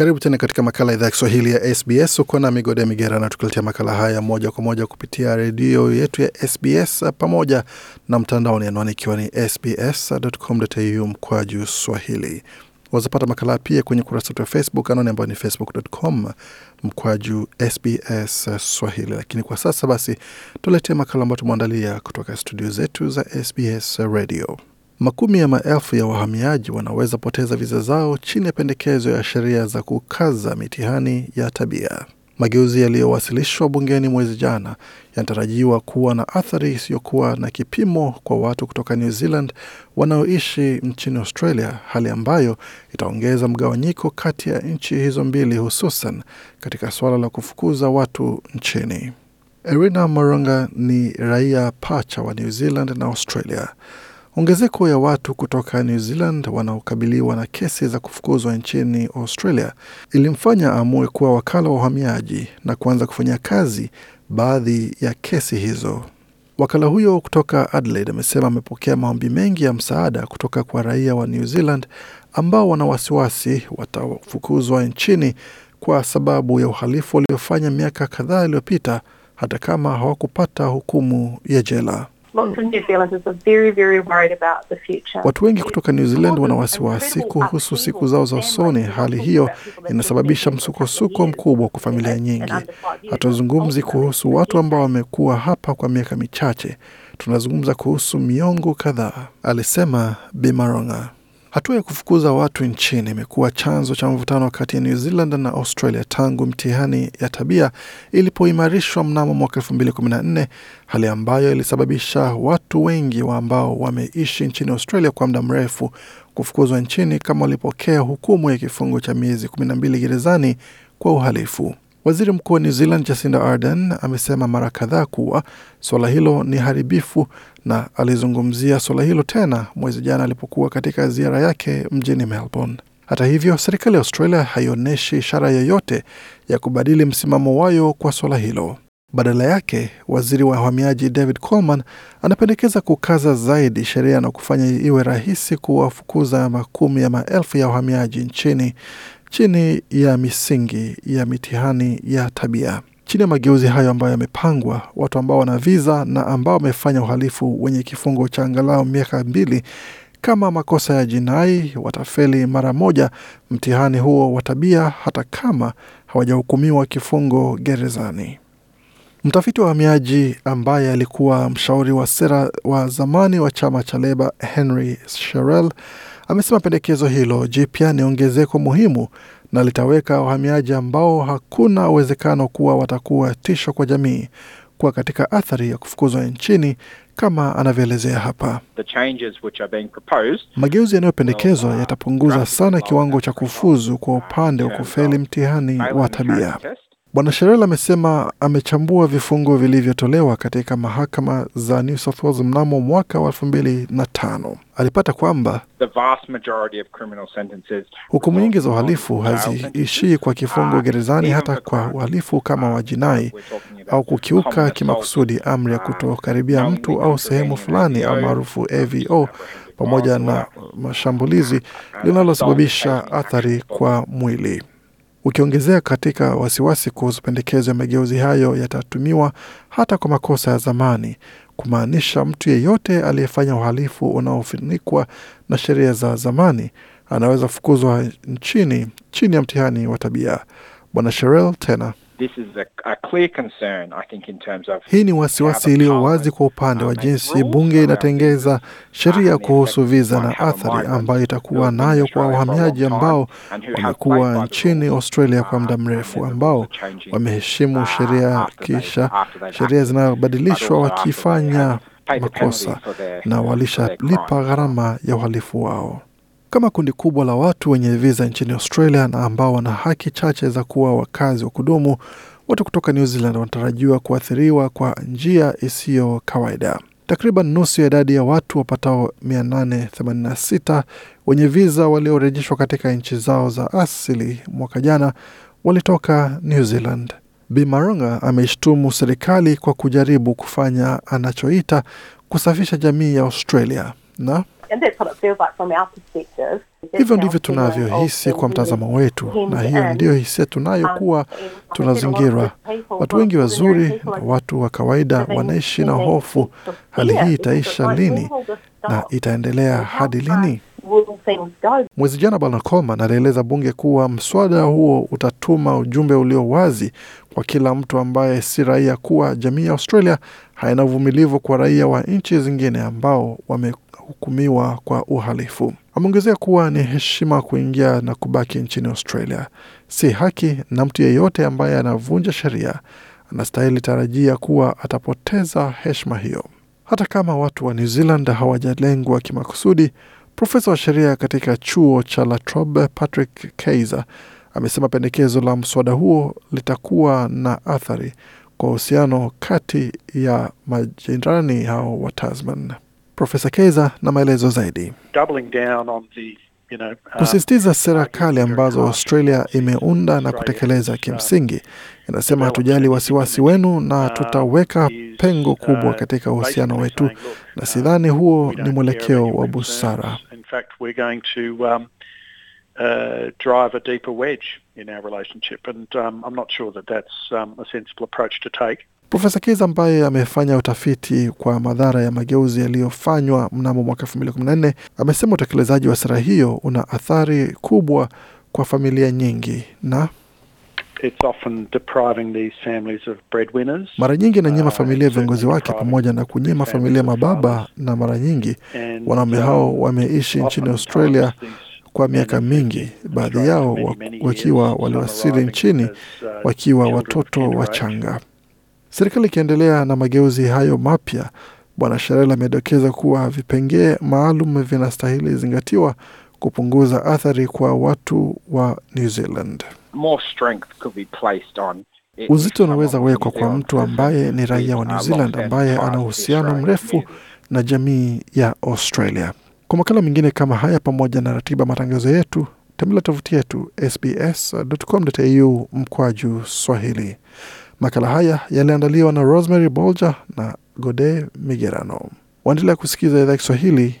Karibu tena katika makala idhaa ya Kiswahili ya SBS. Uko na Migode ya Migera tukuletea makala haya moja kwa moja kupitia redio yetu ya SBS pamoja na mtandaoni, anwani ikiwa ni sbs.com.au juu swahili. Wazapata makala pia kwenye kurasa wetu wa Facebook, anwani ambayo ni facebook.com juu SBS Swahili. Lakini kwa sasa basi, tuletee makala ambayo tumeandalia kutoka studio zetu za SBS Radio. Makumi ya maelfu ya wahamiaji wanaweza poteza viza zao chini ya pendekezo ya sheria za kukaza mitihani ya tabia. Mageuzi yaliyowasilishwa bungeni mwezi jana yanatarajiwa kuwa na athari isiyokuwa na kipimo kwa watu kutoka New Zealand wanaoishi nchini Australia, hali ambayo itaongeza mgawanyiko kati ya nchi hizo mbili, hususan katika suala la kufukuza watu nchini. Erina Moronga ni raia pacha wa New Zealand na Australia. Ongezeko ya watu kutoka New Zealand wanaokabiliwa na kesi za kufukuzwa nchini Australia ilimfanya aamue kuwa wakala wa uhamiaji na kuanza kufanya kazi baadhi ya kesi hizo. Wakala huyo kutoka Adelaide amesema amepokea maombi mengi ya msaada kutoka kwa raia wa New Zealand ambao wana wasiwasi watafukuzwa nchini kwa sababu ya uhalifu waliofanya miaka kadhaa iliyopita hata kama hawakupata hukumu ya jela. Watu wengi kutoka New Zealand wana wasiwasi kuhusu siku zao za usoni. Hali hiyo inasababisha msukosuko mkubwa kwa familia nyingi. Hatuzungumzi kuhusu watu ambao wamekuwa hapa kwa miaka michache, tunazungumza kuhusu miongo kadhaa, alisema Bimaronga. Hatua ya kufukuza watu nchini imekuwa chanzo cha mvutano kati ya New Zealand na Australia tangu mtihani ya tabia ilipoimarishwa mnamo mwaka nne, hali ambayo ilisababisha watu wengi wa ambao wameishi nchini Australia kwa muda mrefu kufukuzwa nchini kama walipokea hukumu ya kifungo cha miezi 12 gerezani kwa uhalifu. Waziri Mkuu wa New Zealand Jacinda Ardern amesema mara kadhaa kuwa suala hilo ni haribifu na alizungumzia suala hilo tena mwezi jana alipokuwa katika ziara yake mjini Melbourne. Hata hivyo, serikali ya Australia haionyeshi ishara yoyote ya kubadili msimamo wayo kwa suala hilo. Badala yake, waziri wa uhamiaji David Coleman anapendekeza kukaza zaidi sheria na kufanya iwe rahisi kuwafukuza makumi ya maelfu ya wahamiaji nchini chini ya misingi ya mitihani ya tabia. Chini ya mageuzi hayo ambayo yamepangwa, watu ambao wana viza na ambao wamefanya uhalifu wenye kifungo cha angalau miaka mbili kama makosa ya jinai watafeli mara moja mtihani huo wa tabia, hata kama hawajahukumiwa kifungo gerezani. Mtafiti wa uhamiaji ambaye alikuwa mshauri wa sera wa zamani wa chama cha Leba Henry Sherrell Amesema pendekezo hilo jipya ni ongezeko muhimu na litaweka wahamiaji ambao hakuna uwezekano kuwa watakuwa tisho kwa jamii kuwa katika athari ya kufukuzwa nchini kama anavyoelezea hapa. Mageuzi yanayopendekezwa yatapunguza sana kiwango cha kufuzu kwa upande wa kufeli mtihani wa tabia. Bwana Sherel amesema amechambua vifungo vilivyotolewa katika mahakama za New South Wales mnamo mwaka wa elfu mbili na tano. Alipata kwamba hukumu nyingi za uhalifu haziishii kwa kifungo ah, gerezani, hata kwa uhalifu kama wa ah, jinai au kukiuka kimakusudi amri ya ah, kutokaribia mtu au sehemu fulani almaarufu AVO pamoja na mashambulizi linalosababisha athari kwa mwili ukiongezea katika wasiwasi kuhusu pendekezo ya mageuzi hayo yatatumiwa hata kwa makosa ya zamani, kumaanisha mtu yeyote aliyefanya uhalifu unaofunikwa na sheria za zamani anaweza fukuzwa nchini chini ya mtihani wa tabia. Bwana Sherel tena This is a, a clear concern, I think, in terms of hii ni wasiwasi iliyo wazi kwa upande wa jinsi bunge inatengeza sheria kuhusu viza na athari ambayo itakuwa nayo kwa wahamiaji ambao wamekuwa nchini Australia kwa uh, muda mrefu, ambao wameheshimu uh, sheria, kisha sheria zinabadilishwa wakifanya makosa na walishalipa gharama ya uhalifu wao kama kundi kubwa la watu wenye viza nchini Australia na ambao wana haki chache za kuwa wakazi wa kudumu, watu kutoka New Zealand wanatarajiwa kuathiriwa kwa njia isiyo kawaida. Takriban nusu ya idadi ya watu wapatao 886 wenye viza waliorejeshwa katika nchi zao za asili mwaka jana walitoka New Zealand. Bimaronga ameishtumu serikali kwa kujaribu kufanya anachoita kusafisha jamii ya Australia na Hivyo ndivyo tunavyohisi kwa mtazamo wetu, na hiyo ndiyo hisia tunayokuwa um, tunazingirwa. Watu wengi wazuri na watu wa kawaida wanaishi na hofu, hali hii itaisha lini na itaendelea hadi lini? Mwezi jana Bwana Coman alieleza bunge kuwa mswada huo utatuma ujumbe ulio wazi kwa kila mtu ambaye si raia kuwa jamii ya Australia haina uvumilivu kwa raia wa nchi zingine ambao wamehukumiwa kwa uhalifu. Ameongezea kuwa ni heshima kuingia na kubaki nchini Australia, si haki, na mtu yeyote ambaye anavunja sheria anastahili tarajia kuwa atapoteza heshima hiyo. Hata kama watu wa New Zealand hawajalengwa kimakusudi, Profesa wa sheria katika chuo cha La Trobe Patrick Kaiser amesema pendekezo la mswada huo litakuwa na athari kwa uhusiano kati ya majirani hao wa Tasman. Profesa Kaiser na maelezo zaidi. You know, uh, kusisitiza sera kali ambazo Australia imeunda na kutekeleza kimsingi, inasema hatujali wasiwasi wenu na tutaweka pengo kubwa katika uhusiano wetu, na sidhani huo ni mwelekeo wa busara fact, we're going to um, uh, drive a deeper wedge in our relationship. And um, I'm not sure that that's um, a sensible approach to take. Profesa Kiza ambaye amefanya utafiti kwa madhara ya mageuzi yaliyofanywa mnamo mwaka 2014 amesema utekelezaji wa sera hiyo una athari kubwa kwa familia nyingi na mara nyingi inanyima uh, familia viongozi wake pamoja na kunyima familia mababa, na mara nyingi wanaume um, hao wameishi nchini Australia kwa miaka mingi, baadhi yao wakiwa waliwasili nchini uh, wakiwa watoto wachanga. Serikali ikiendelea na mageuzi hayo mapya, Bwana Sherel amedokeza kuwa vipengee maalum vinastahili zingatiwa kupunguza athari kwa watu wa New Zealand. Uzito unaweza wekwa kwa mtu ambaye ni raia wa New Zealand ambaye ana uhusiano mrefu na jamii ya Australia. Kwa makala mengine kama haya, pamoja na ratiba matangazo yetu, tembelea tovuti yetu sbs.com.au mkwaju Swahili. Makala haya yaliandaliwa na Rosemary Bolger na Gode Migerano. Waendelea kusikiza idhaa Kiswahili